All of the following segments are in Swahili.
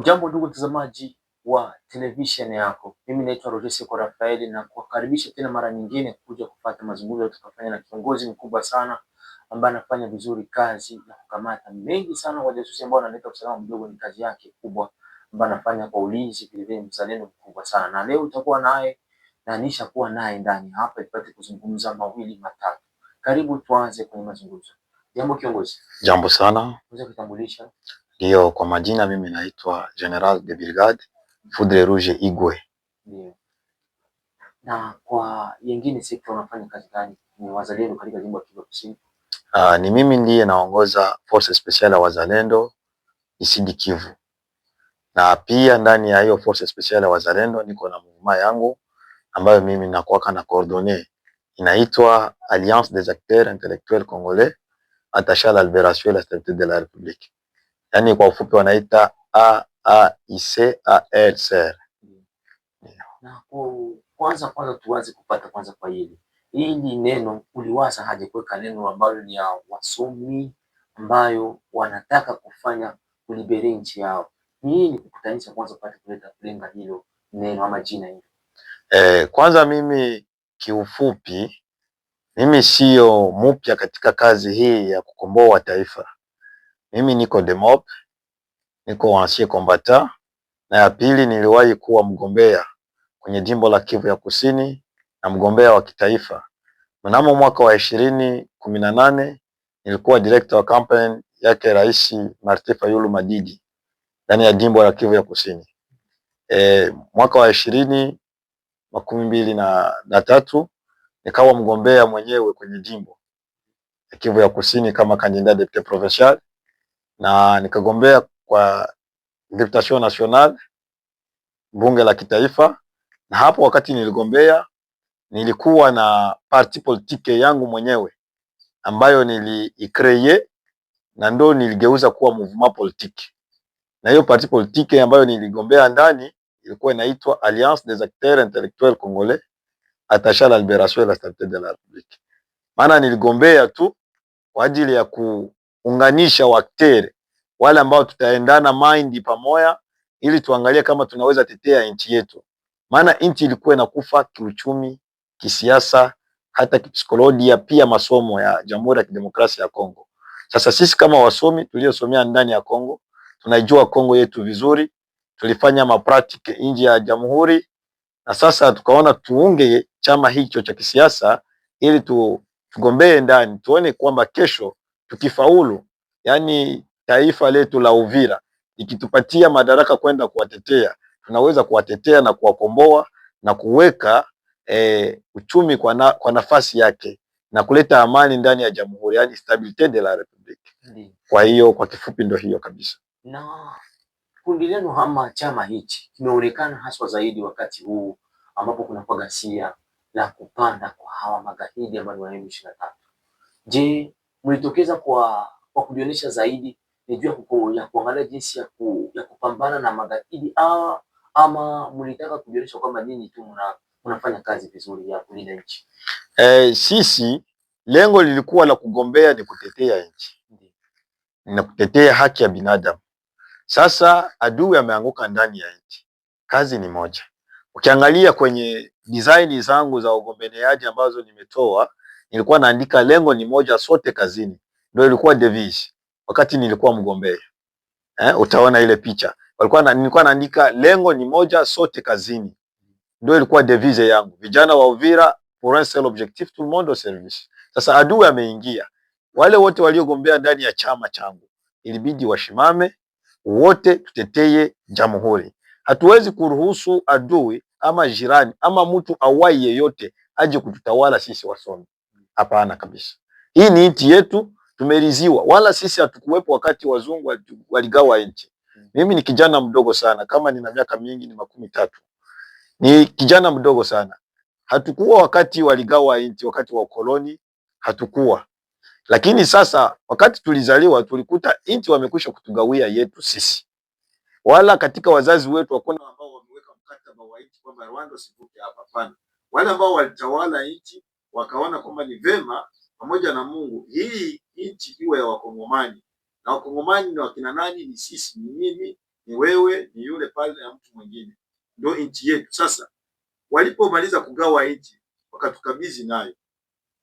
Ujambo ndugu mtazamaji wa televisheni yako, mimi naitwa kwa Rafaeli na kuwakaribisha tena mara nyingine kuja kupata mazungumzo tutakafanya na kiongozi mkubwa sana ambaye anafanya vizuri kazi na kukamata mengi sana kwa wajasusi ambao analeta usalama mdogo. Ni kazi yake kubwa ambaye anafanya kwa ulinzi, vilevile mzalendo mkubwa sana, na leo utakuwa naye na nisha kuwa naye ndani hapa ipate kuzungumza mawili matatu. Karibu tuanze kwenye mazungumzo. Jambo kiongozi. Jambo sana. Unaweza kutambulisha? Ndio, kwa majina mimi naitwa General de Brigade Foudre Rouge Igwe. Ndiyo. Na kwa yengine sekta unafanya kazi gani? Ni wazalendo katika jimbo la Kivu Kusini. Ah, ni mimi ndiye naongoza force special ya wazalendo Isidi Kivu, na pia ndani ya hiyo force special ya wazalendo niko na muma yangu ambayo mimi nakuwaka na coordonner inaitwa Alliance des acteurs intellectuels congolais attachés à la libération et la stabilité de la République yani kwa ufupi wanaita r. Na kwanza kwanza tuanze kupata kwanza kwa hili hili neno, uliwaza haje kuweka neno ambalo ni ya wasomi ambayo wanataka kufanya kulibere nchi yao? Nini kukutanisha kwanza pate kuleta kulenga hilo neno ama jina hilo? Eh, kwanza mimi kiufupi, mimi siyo mupya katika kazi hii ya kukomboa taifa mimi niko DEMOP, niko ancien combattant, na ya pili niliwahi kuwa mgombea kwenye jimbo la Kivu ya Kusini na mgombea wa kitaifa. Mnamo mwaka wa ishirini kumi na nane nilikuwa director wa campaign yake Rais Martin Fayulu Madidi ndani ya jimbo la Kivu ya Kusini. E, mwaka wa ishirini makumi mbili na, na tatu nikawa mgombea mwenyewe kwenye jimbo ya Kivu ya Kusini kama candidat député provincial na nikagombea kwa deputation national bunge la kitaifa, na hapo wakati niligombea nilikuwa na parti politique yangu mwenyewe ambayo niliikreye na ndo niligeuza kuwa mouvement politique, na hiyo parti politique ambayo niligombea ndani ilikuwa inaitwa Alliance des acteurs intellectuels congolais attachés à la libération et la stabilité de la République. Maana niligombea tu kwa ajili ya ku unganisha waktere wale ambao tutaendana mind pamoja, ili tuangalie kama tunaweza tetea nchi yetu, maana nchi ilikuwa inakufa kiuchumi, kisiasa, hata kipsikolojia, pia masomo ya Jamhuri ya Kidemokrasia ya Kongo. Sasa sisi kama wasomi tuliosomea ndani ya Kongo tunaijua Kongo yetu vizuri, tulifanya mapratike nje ya jamhuri, na sasa tukaona tuunge chama hicho cha kisiasa ili tugombee ndani, tuone kwamba kesho tukifaulu, yani taifa letu la Uvira ikitupatia madaraka kwenda kuwatetea, tunaweza kuwatetea na kuwakomboa na kuweka e, uchumi kwa, na, kwa nafasi yake na kuleta amani ndani ya jamhuri, yani stabilite de la republique. Kwa hiyo kwa kifupi ndo hiyo kabisa. Na kundi lenu ama chama hichi kimeonekana haswa zaidi wakati huu ambapo kuna kwa ghasia na kupanda kwa hawa magaidi ambao ni wa M Je, mlitokeza kwa, kwa kujionyesha zaidi ni juu ya kuangalia jinsi ya, ku, ya kupambana na magaidi hawa ama mlitaka kujionyesha kwamba nyinyi tu mna, mnafanya kazi vizuri ya kulinda nchi? Eh, sisi lengo lilikuwa la kugombea ni kutetea nchi na kutetea haki ya binadamu. Sasa adui ameanguka ndani ya nchi, kazi ni moja. Ukiangalia kwenye design zangu za ugombeneaji ambazo nimetoa nilikuwa naandika lengo ni moja, sote kazini. Ndio ilikuwa devise wakati nilikuwa mgombea eh, utaona ile picha walikuwa na, nilikuwa naandika lengo ni moja, sote kazini. Ndio ilikuwa devise yangu, vijana wa Uvira pour un seul objectif tout le monde au service. Sasa adui ameingia, wale wote waliogombea ndani ya chama changu ilibidi washimame wote, tuteteye jamhuri. Hatuwezi kuruhusu adui ama jirani ama mtu awai yeyote aje kututawala sisi wasomi. Hapana kabisa, hii ni nchi yetu, tumeriziwa. Wala sisi hatukuwepo wakati wazungu waligawa nchi. Mimi ni kijana mdogo sana, kama nina miaka mingi ni makumi tatu, ni kijana mdogo sana. Hatukuwa wakati waligawa nchi, wakati wa ukoloni hatukuwa. Lakini sasa wakati tulizaliwa, tulikuta nchi wamekwisha kutugawia yetu sisi, wala katika wazazi wetu hakuna ambao wameweka mkataba wa nchi kwamba Rwanda sivuke hapa. Hapana, wale ambao walitawala nchi wakaona kwamba ni vema pamoja na Mungu hii nchi iwe ya Wakongomani, na Wakongomani ni wakina nani? Ni sisi, ni mimi, ni wewe, ni yule pale na mtu mwingine, ndio nchi yetu. Sasa walipomaliza kugawa nchi, wakatukabidhi nayo,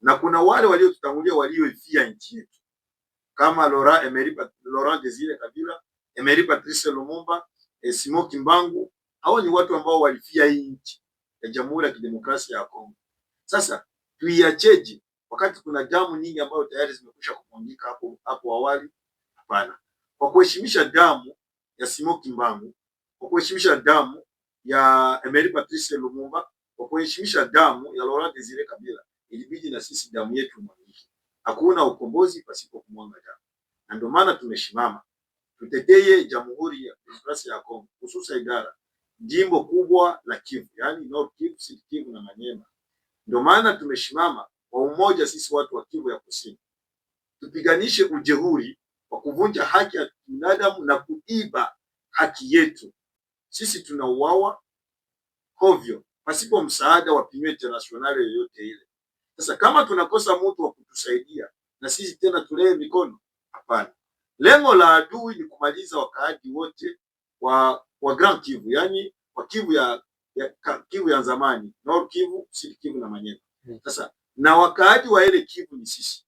na kuna wale waliotutangulia walioifia nchi yetu kama Laurent Emery, Laurent Desire Kabila, Emery Patrice Lumumba, eh, Simon Kimbangu. Hao ni watu ambao walifia hii nchi ya Jamhuri ya Kidemokrasia ya Kongo. Sasa tuiacheje wakati kuna damu nyingi ambayo tayari zimekwisha kumwagika hapo hapo awali? Hapana, kwa kuheshimisha damu ya Simoki Mbangu, kwa kuheshimisha damu ya Emery Patrice Lumumba, kwa kuheshimisha damu ya Laurent Desire Kabila, ilibidi na sisi damu yetu imwagike. Hakuna ukombozi pasipo kumwanga damu, na ndio maana tumeshimama tuteteye Jamhuri ya Kidemokrasia ya Kongo, hususa idara jimbo kubwa la Kivu, yani North Kivu, Sud Kivu na Manyema. Ndio maana tumeshimama kwa umoja sisi watu wa Kivu ya Kusini, tupiganishe ujeuri wa kuvunja haki ya binadamu na kuiba haki yetu. Sisi tunauawa hovyo pasipo msaada wa pinyo international yoyote ile. Sasa kama tunakosa mtu wa kutusaidia, na sisi tena tulee mikono? Hapana. Lengo la adui ni kumaliza wakaaji wote wa, wa Grand Kivu, yani wa Kivu ya ya Kivu ya zamani, Nord Kivu, Sud Kivu na Manyema. Hmm. Sasa na wakaaji wa ile Kivu ni sisi,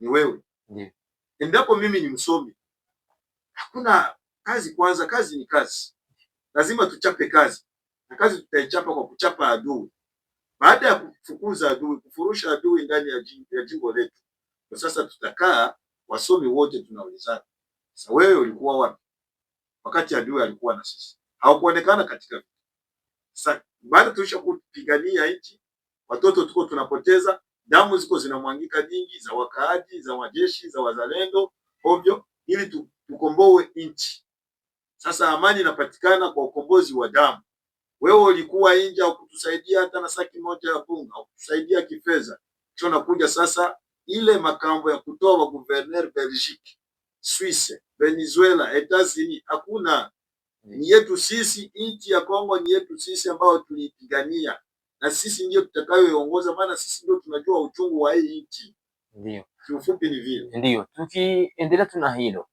ni wewe. Yeah. Hmm. Endapo mimi ni msomi, hakuna kazi. Kwanza kazi ni kazi, lazima tuchape kazi, na kazi tutaichapa kwa kuchapa adui, baada ya kufukuza adui, kufurusha adui ndani ya jimbo letu. Kwa sasa tutakaa wasomi wote tunaulizana, sasa wewe ulikuwa wapi wakati adui alikuwa na sisi? Haukuonekana katika bado tulisha kupigania nchi, watoto tuko tunapoteza, damu ziko zinamwangika nyingi za wakaaji, za wajeshi, za wazalendo ovyo, ili tukomboe nchi. Sasa amani inapatikana kwa ukombozi wa damu. Wewe ulikuwa nje au kutusaidia hata na saki moja ya bunga kutusaidia kifedha, hicho nakuja sasa ile makambo ya kutoa wa guverner Belgique, Suisse, Venezuela, Etats-Unis hakuna ni yetu sisi, nchi ya Kongo ni yetu sisi ambayo tuliipigania, na sisi ndio tutakayoiongoza, maana sisi ndio tunajua uchungu wa hii nchi. Ndio kiufupi ni vile. Ndio tukiendelea tuna hilo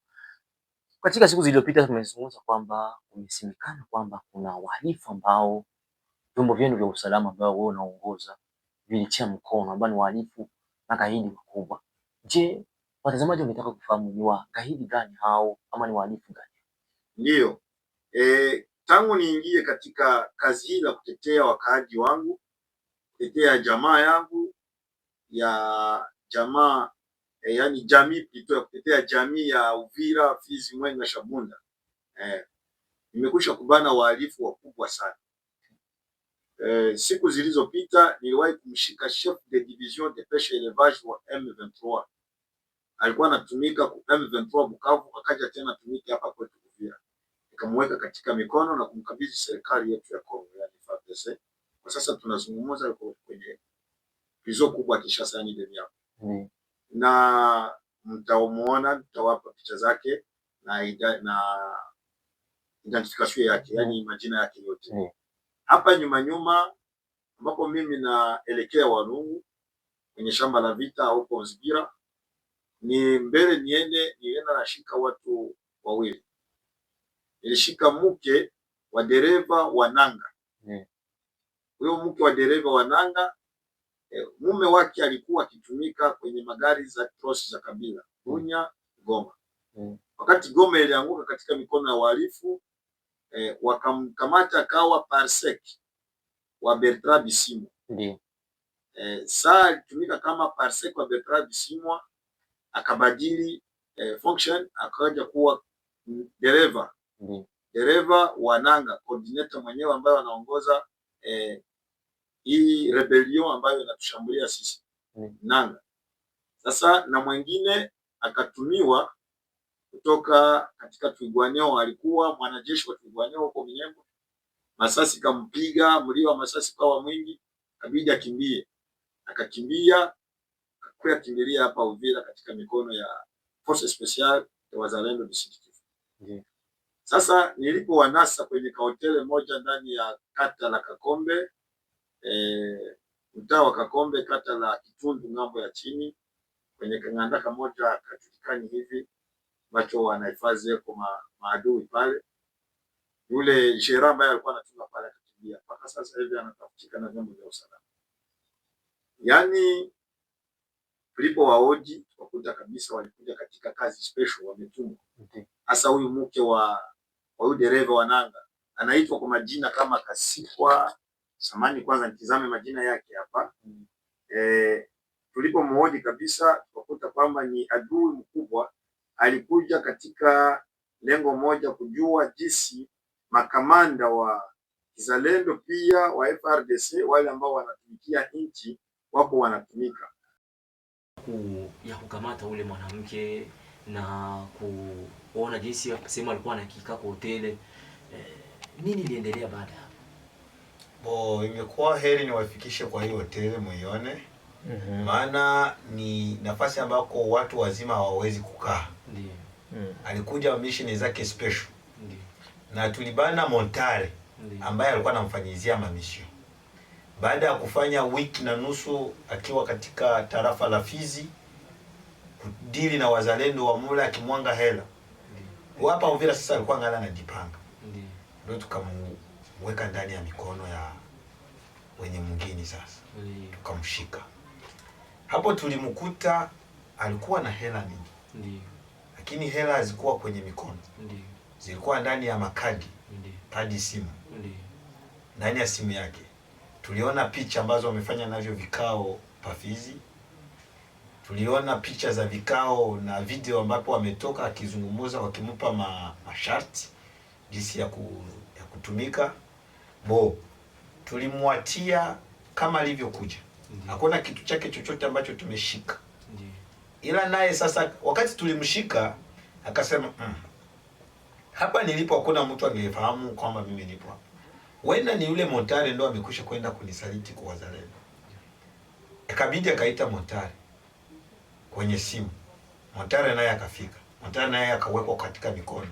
katika siku zilizopita tumezungumza kwamba umesemekana kwamba kuna wahalifu ambao vyombo vyenu vya usalama ambao wewe unaongoza vilitia mkono, ambao ni wahalifu magaidi wakubwa. Je, watazamaji wangetaka kufahamu ni wagaidi gani hao ama ni wahalifu gani? Ndio E, tangu niingie katika kazi hii la kutetea wakaaji wangu, kutetea jamaa yangu ya jamaa e, yani jamii pito ya kutetea jamii ya Uvira, Fizi, Mwenga, Shabunda e, nimekwisha kubana wahalifu wakubwa sana. E, siku zilizopita niliwahi kumshika chef de division de peshe elevage wa M23, alikuwa anatumika ku M23 Bukavu, akaja tena tumika hapa kwetu Uvira nikamweka katika mikono na kumkabidhi serikali yetu ya Kongo, yani FARDC. Kwa sasa tunazungumza kwenye kizo kubwa Kinshasa, yani Bemya mm. na mtamuona, mtawapa picha zake na ida, na identification yake mm. yani majina yake yote mm. hapa mm. nyuma nyuma ambapo mimi naelekea Walungu kwenye shamba la vita huko Nzigira, ni mbele niende nienda nashika watu wawili nilishika mke wa dereva wa nanga hmm. huyo hmm. mke wa dereva wa nanga e, mume wake alikuwa akitumika kwenye magari za cross za kabila hmm. Bunya Goma hmm. wakati Goma ilianguka katika mikono ya wahalifu e, wakamkamata akawa parsec wa Bertrand Bisimwa hmm. e, saa alitumika kama parsec wa Bertrand Bisimwa akabadili e, function akaja kuwa dereva dereva wa nanga coordinator mwenyewe ambaye anaongoza eh, hii rebellion ambayo inatushambulia sisi mm. nanga sasa, na mwingine akatumiwa kutoka katika Twigwaneo, alikuwa mwanajeshi wa Twigwaneo huko Minembwe. Masasi kampiga, mlio wa masasi kawa mwingi, kabidi akimbie, akakimbia kwa kimbilia hapa Uvira katika mikono ya force special ya wazalendo. mm. Sasa nilipowanasa kwenye kahotele moja ndani ya kata la Kakombe e, mtaa wa Kakombe kata la Kitundu ng'ambo ya chini kwenye kang'andaka moja kajulikani hivi ambacho wanahifadhi weko ma, maadui pale. Yule shera ambaye alikuwa anachunga pale akakimbia, mpaka sasa hivi anatafutika na vyombo vya usalama. Yaani tulipo waoji tukakuta kabisa walikuja katika kazi special wametumwa. Hasa huyu mke wa wa huyu dereva wa nanga anaitwa kwa majina kama Kasikwa. Samani kwanza nitizame majina yake hapa mm. E, tulipomhoji kabisa tukakuta kwamba ni adui mkubwa, alikuja katika lengo moja kujua jinsi makamanda wa kizalendo pia wa FRDC wale ambao wanatumikia nchi wako wanatumika ya kukamata ule mwanamke na kuona jinsi sehemu alikuwa anakika kwa hoteli. Eh, nini iliendelea baada ya hapo? Bo, imekuwa heri niwafikishe kwa hii hoteli muione. mm -hmm. Maana ni nafasi ambako watu wazima hawawezi kukaa. Ndiyo. Mm. Alikuja mission zake special. Ndiyo. Na tulibana Montare ambaye alikuwa anamfanyizia mamisio. Baada ya kufanya wiki na nusu akiwa katika tarafa la Fizi dili na wazalendo wa mula akimwanga hela hapa Uvira. Sasa alikuwa ngala jipanga, ndio tukamweka ndani ya mikono ya wenye mwingine. Sasa tukamshika hapo, tulimkuta alikuwa na hela mingi, lakini hela hazikuwa kwenye mikono, zilikuwa ndani ya makadi kadi simu, ndani ya simu yake tuliona picha ambazo wamefanya navyo vikao pafizi tuliona picha za vikao na video ambapo wametoka akizungumza wakimpa ma, masharti jinsi ya, ku, ya kutumika bo tulimwatia kama alivyokuja, hakuna kitu chake chochote ambacho tumeshika. Ndiyo. Ila naye sasa, wakati tulimshika akasema mm, hapa nilipo hakuna mtu angefahamu kwamba mimi nipo hapa, wenda ni yule Montare ndo amekwisha kwenda kunisaliti kwa wazalendo, ikabidi akaita Montare kwenye simu. Montari naye akafika, Montari naye akawekwa katika mikono.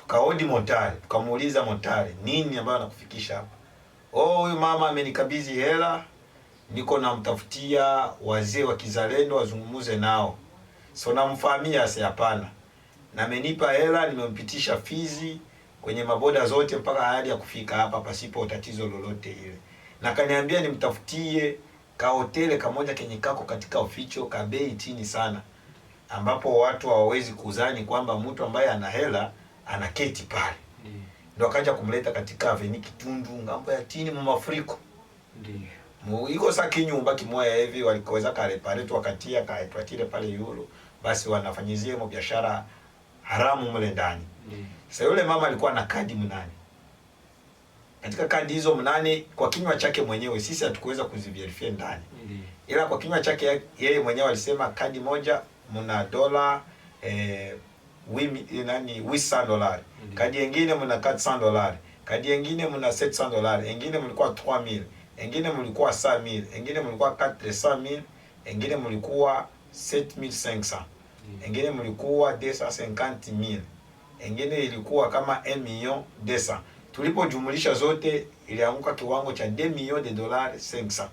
Tukaodi Montari, tukamuuliza Montari, nini ambayo anakufikisha hapa? Oh, huyu mama amenikabidhi hela, niko namtafutia wazee wa kizalendo wazungumuze nao. So namfahamia asi, hapana, na amenipa hela, nimempitisha fizi kwenye maboda zote mpaka hadi ya kufika hapa pasipo tatizo lolote ile, na kaniambia nimtafutie kahotele kamoja kenye kako katika ka bei chini sana, ambapo watu hawawezi kuzani kwamba mtu ambaye ana hela anaketi pale mm. Ndio akaja kumleta katika aveni Kitundu ngambo ya chini mu mafuriko ndio iko sa kinyumba kimoya hivi walikoweza kale pale tu wakatia kaetwatile pale yulo, basi wanafanyizie biashara haramu mle ndani. Sasa yule mama alikuwa na kadi mnani katika kadi hizo mnane kwa kinywa chake mwenyewe, sisi hatukuweza kuziverify ndani mm -hmm. ila kwa kinywa chake yeye mwenyewe alisema kadi moja mna dola eh, wimi eh, nani wisa dolari mm -hmm. kadi nyingine mna 400 dolari, kadi nyingine mna set 700 dolari, nyingine mlikuwa 3000, nyingine mlikuwa 5000, nyingine mlikuwa 400000, nyingine mlikuwa 7500, nyingine mlikuwa 250000, nyingine ilikuwa kama 1 million 200 tulipojumulisha zote ilianguka kiwango cha demio de dollar 500.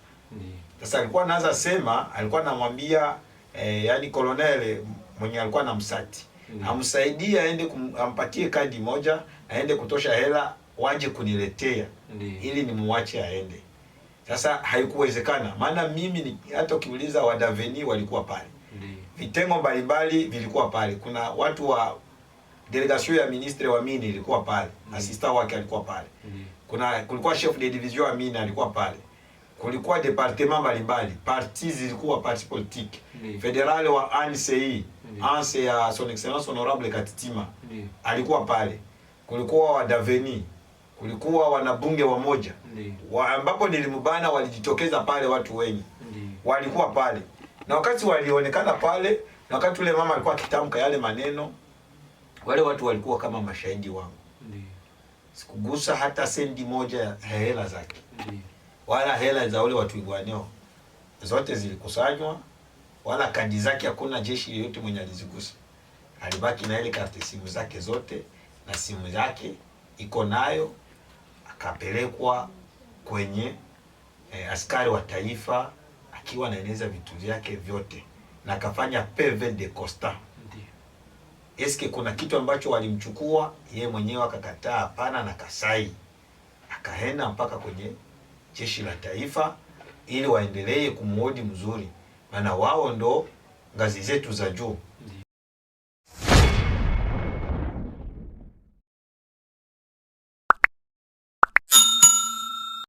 Sasa alikuwa anaanza sema, alikuwa anamwambia eh, yani kolonel mwenye alikuwa na anamsati amsaidie aende kum, ampatie kadi moja aende kutosha hela waje kuniletea mm. ili nimuache aende. Sasa haikuwezekana, maana mimi hata ukiuliza wadaveni walikuwa pale, mm. vitengo mbalimbali vilikuwa pale, kuna watu wa delegation ya ministre wa mine ilikuwa pale mm -hmm. Assistant wake alikuwa pale mm -hmm. Kuna kulikuwa chef de division wa mine alikuwa pale, kulikuwa departement mbalimbali, parti zilikuwa parti politique mm -hmm. Federal wa ANCI mm -hmm. ANCI ya son excellence honorable Katitima mm -hmm. alikuwa pale, kulikuwa wa Daveni kulikuwa wanabunge wa moja mm-hmm. wa ambapo nilimubana walijitokeza pale, watu wengi mm-hmm. walikuwa pale, na wakati walionekana pale, na wakati ule mama alikuwa akitamka yale maneno wale watu walikuwa kama mashahidi wangu. Ndiyo. Sikugusa hata sendi moja ya hela zake. Ndiyo. Wala hela za wale watu igwaneo zote zilikusanywa, wala kadi zake hakuna jeshi yoyote mwenye alizigusa. Alibaki na ile karte simu zake zote na simu yake iko nayo, akapelekwa kwenye eh, askari wa taifa akiwa anaeneza vitu vyake vyote na akafanya peve de constat eske kuna kitu ambacho walimchukua ye mwenyewe akakataa? Hapana, na Kasai akaenda mpaka kwenye jeshi la taifa ili waendelee kumuodi mzuri, maana wao ndo ngazi zetu za juu.